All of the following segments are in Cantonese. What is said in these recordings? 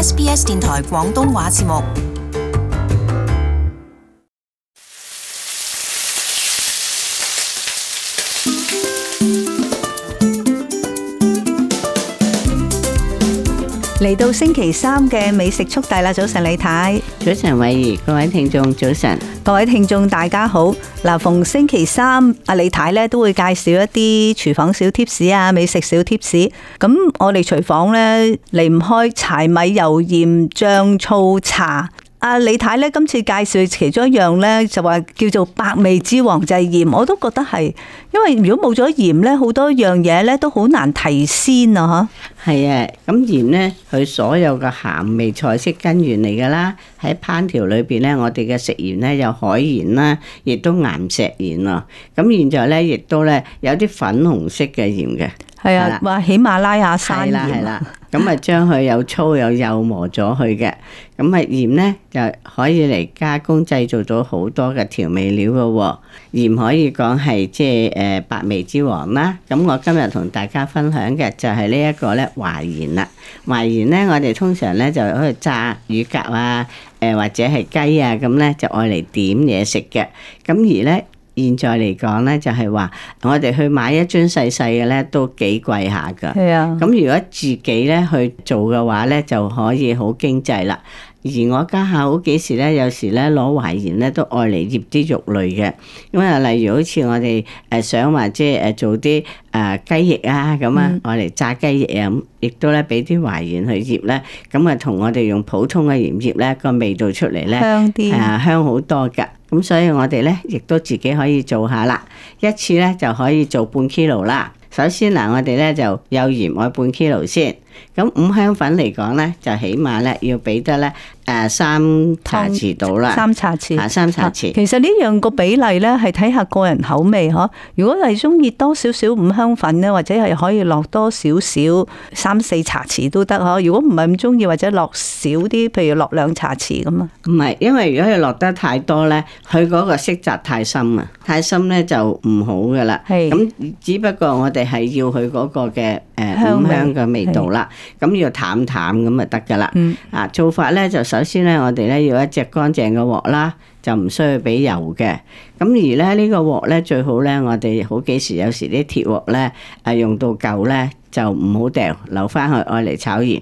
SBS 電台廣東話節目。嚟到星期三嘅美食速遞啦！早晨，李太。早晨，偉儀，各位聽眾早晨。各位聽眾大家好。嗱、呃，逢星期三，阿李太呢都會介紹一啲廚房小貼士啊，美食小貼士。咁我哋廚房呢，離唔開柴米油鹽醬醋茶。阿李太咧，今次介紹其中一樣咧，就話叫做百味之王就係鹽，我都覺得係，因為如果冇咗鹽咧，好多樣嘢咧都好難提鮮啊！嗬，係啊，咁鹽咧，佢所有嘅鹹味菜式根源嚟噶啦，喺烹調裏邊咧，我哋嘅食鹽咧有海鹽啦，亦都岩石鹽咯，咁現在咧亦都咧有啲粉紅色嘅鹽嘅。係啊，話喜、啊、馬拉雅山鹽、啊，咁啊將佢有粗有幼磨咗去嘅，咁啊鹽咧就可以嚟加工製造咗好多嘅調味料噶喎，哦，鹽可以講係即係誒百味之王啦。咁我今日同大家分享嘅就係呢一個咧淮鹽啦，淮鹽咧我哋通常咧就可以炸乳鴿啊，誒、呃、或者係雞啊咁咧就愛嚟點嘢食嘅，咁而咧。現在嚟講咧，就係話我哋去買一樽細細嘅咧，都幾貴下㗎。係啊，咁如果自己咧去做嘅話咧，就可以好經濟啦。而我家下好幾時咧，有時咧攞淮鹽咧都愛嚟醃啲肉類嘅。咁啊，例如好似我哋誒想話即係誒做啲誒雞翼啊咁啊，愛嚟炸雞翼啊，亦、嗯、都咧俾啲淮鹽去醃咧，咁啊同我哋用普通嘅鹽醃咧個味道出嚟咧香啲些啊，香好多㗎。咁所以我哋呢，亦都自己可以做下啦，一次呢就可以做半 kilo 啦。首先嗱，我哋呢就有鹽，我半 kilo 先。咁五香粉嚟講咧，就起碼咧要俾得咧誒三茶匙到啦，三茶匙，吓三茶匙。其實呢樣個比例咧，係睇下個人口味嗬。如果係中意多少少五香粉咧，或者係可以落多少少三四茶匙都得嗬。如果唔係咁中意，或者落少啲，譬如落兩茶匙咁啊。唔係，因為如果要落得太多咧，佢嗰個色澤太深啊，太深咧就唔好噶啦。係是。咁只不過我哋係要佢嗰個嘅誒五香嘅味道啦。咁要淡淡咁就得噶啦。啊、嗯，做法咧就首先咧，我哋咧要一隻乾淨嘅鑊啦，就唔需要俾油嘅。咁而咧呢個鑊咧最好咧，我哋好幾時有時啲鐵鑊咧啊用到舊咧。就唔好掉，留翻去愛嚟炒鹽。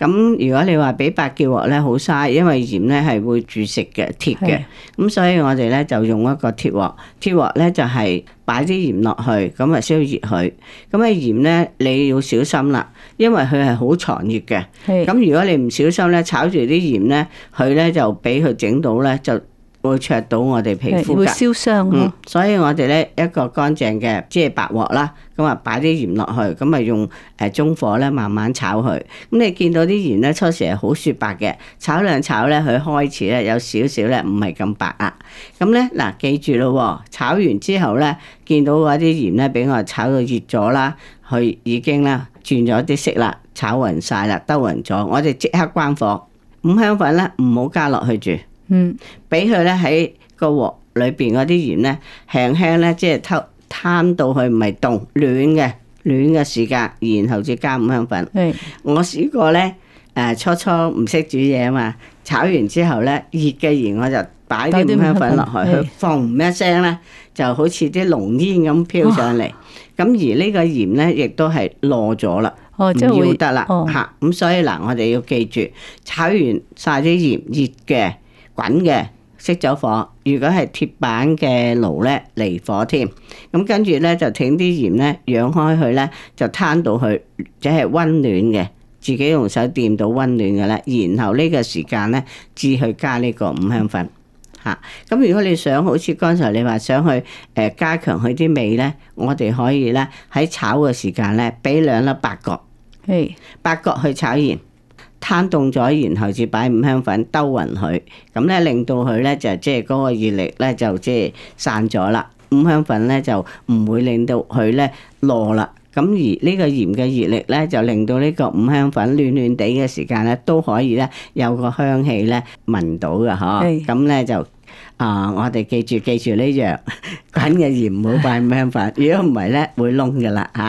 咁是如果你話俾白鐵鑊咧，好嘥，因為鹽咧係會煮食嘅鐵嘅。咁是所以我哋咧就用一個鐵鑊，鐵鑊咧就係擺啲鹽落去，咁啊燒熱佢。咁啊鹽咧你要小心啦，因為佢係好藏熱嘅。咁是如果你唔小心咧炒住啲鹽咧，佢咧就俾佢整到咧就。會灼到我哋皮膚㗎，嗯，會燒傷啊，所以我哋咧一個乾淨嘅即係白鑊啦，咁啊擺啲鹽落去，咁啊用誒中火咧慢慢炒佢。咁你見到啲鹽咧初時係好雪白嘅，炒兩炒咧佢開始咧有少少咧唔係咁白啊。咁咧嗱記住咯，炒完之後咧見到嗰啲鹽咧俾我炒到熱咗啦，佢已經咧轉咗啲色啦，炒勻晒啦，兜勻咗，我哋即刻關火。五香粉咧唔好加落去住。嗯，俾佢咧喺個鑊裏邊嗰啲鹽咧，輕輕咧，即係攤攤到佢唔係凍暖嘅暖嘅時間，然後再加五香粉。我試過咧，誒初初唔識煮嘢啊嘛，炒完之後咧熱嘅鹽我就擺啲五香粉落去，佢嘣一聲咧就好似啲濃煙咁飄上嚟。咁而呢個鹽咧亦都係落咗啦，要得啦嚇。咁所以嗱，我哋要記住，炒完晒啲鹽熱嘅。滾嘅熄咗火，如果係鐵板嘅爐咧，離火添。咁、嗯、跟住咧就整啲鹽咧，養開佢咧，就攤到佢，即係溫暖嘅，自己用手掂到溫暖嘅咧。然後呢個時間咧，至去加呢個五香粉。吓、啊，咁、嗯、如果你想好似剛才你話想去誒、呃、加強佢啲味咧，我哋可以咧喺炒嘅時間咧，俾兩粒八角，嘿，Hey. 八角去炒鹽。攤凍咗，然後至擺五香粉兜匀佢，咁咧令到佢咧就即係嗰個熱力咧就即係散咗啦。五香粉咧就唔會令到佢咧落啦。咁而呢個鹽嘅熱力咧就令到呢個五香粉暖暖地嘅時間咧都可以咧有個香氣咧聞到噶嗬。咁咧是就啊、呃，我哋記住記住呢樣，滾 嘅鹽唔好擺五香粉，如果唔係咧會燶噶啦吓。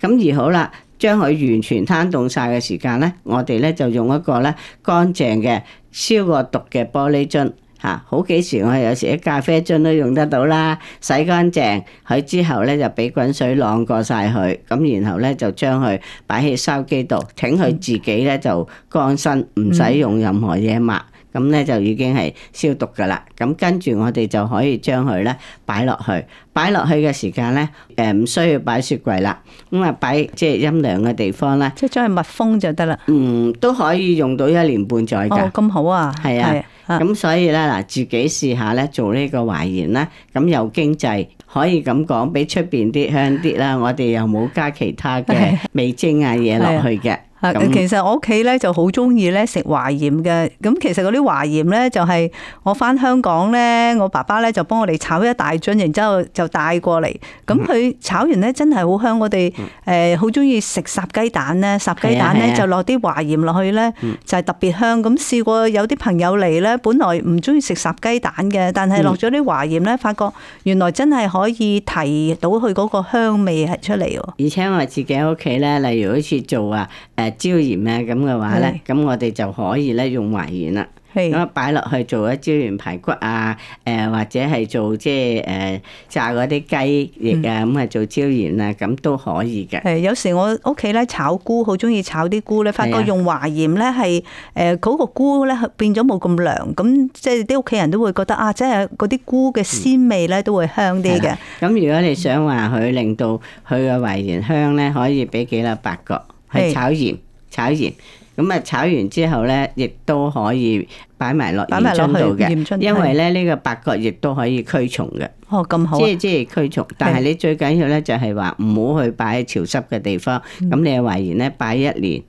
咁是、啊、而好啦。將佢完全攤凍晒嘅時間咧，我哋咧就用一個咧乾淨嘅消過毒嘅玻璃樽嚇、啊，好幾時我哋有時啲咖啡樽都用得到啦，洗乾淨佢之後咧就俾滾水晾過晒佢，咁然後咧就將佢擺喺筲箕度，請佢自己咧就乾身，唔使用，用任何嘢抹。嗯嗯咁咧就已經係消毒噶啦，咁跟住我哋就可以將佢咧擺落去，擺落去嘅時間咧，誒唔需要擺雪櫃啦，咁啊擺即係陰涼嘅地方啦。即係將佢密封就得啦。嗯，都可以用到一年半載噶。哦，咁好啊。係啊，咁、啊啊、所以咧嗱，自己試下咧做呢個淮鹽啦，咁、嗯、又經濟，可以咁講，比出邊啲香啲啦。 我哋又冇加其他嘅味精啊嘢落 是、啊、 去嘅。其實我屋企咧就好中意咧食淮鹽嘅，咁其實嗰啲淮鹽咧就係我返香港咧，我爸爸咧就幫我哋炒一大樽，然之後就帶過嚟。咁佢、嗯、炒完咧真係好香，我哋誒好中意食烚雞蛋咧，烚、嗯、雞蛋咧就落啲淮鹽落去咧，嗯、就係特別香。咁、嗯、試過有啲朋友嚟咧，本來唔中意食烚雞蛋嘅，但係落咗啲淮鹽咧，發覺原來真係可以提到佢嗰個香味係出嚟。而且、嗯嗯、我自己喺屋企咧，例如好似做啊誒。呃椒鹽啊咁嘅話咧，咁是我哋就可以咧用淮鹽啦。咁擺落去做一椒鹽排骨啊，誒、呃、或者係做即係誒炸嗰啲雞翼啊，咁啊做椒鹽啊，咁都可以嘅。係有時我屋企咧炒菇，好中意炒啲菇咧，發覺用淮鹽咧係誒嗰個菇咧變咗冇咁涼，咁即係啲屋企人都會覺得啊，即係嗰啲菇嘅鮮味咧、啊、都會香啲嘅。咁如果你想話佢令到佢嘅淮鹽香咧，可以俾幾粒八角去炒鹽，是炒鹽，咁啊炒完之後咧，亦都可以擺埋落鹽樽度嘅，因為咧呢個八角亦都可以驅蟲嘅。哦，咁好啊。即係即係驅蟲，但係你最緊要咧就係話唔好去擺喺潮濕嘅地方。咁的你嘅華鹽咧，擺一年、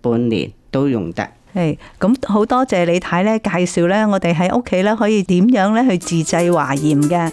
半年都用得。係，咁好多謝李太咧介紹咧，我哋喺屋企咧可以點樣咧去自製華鹽嘅。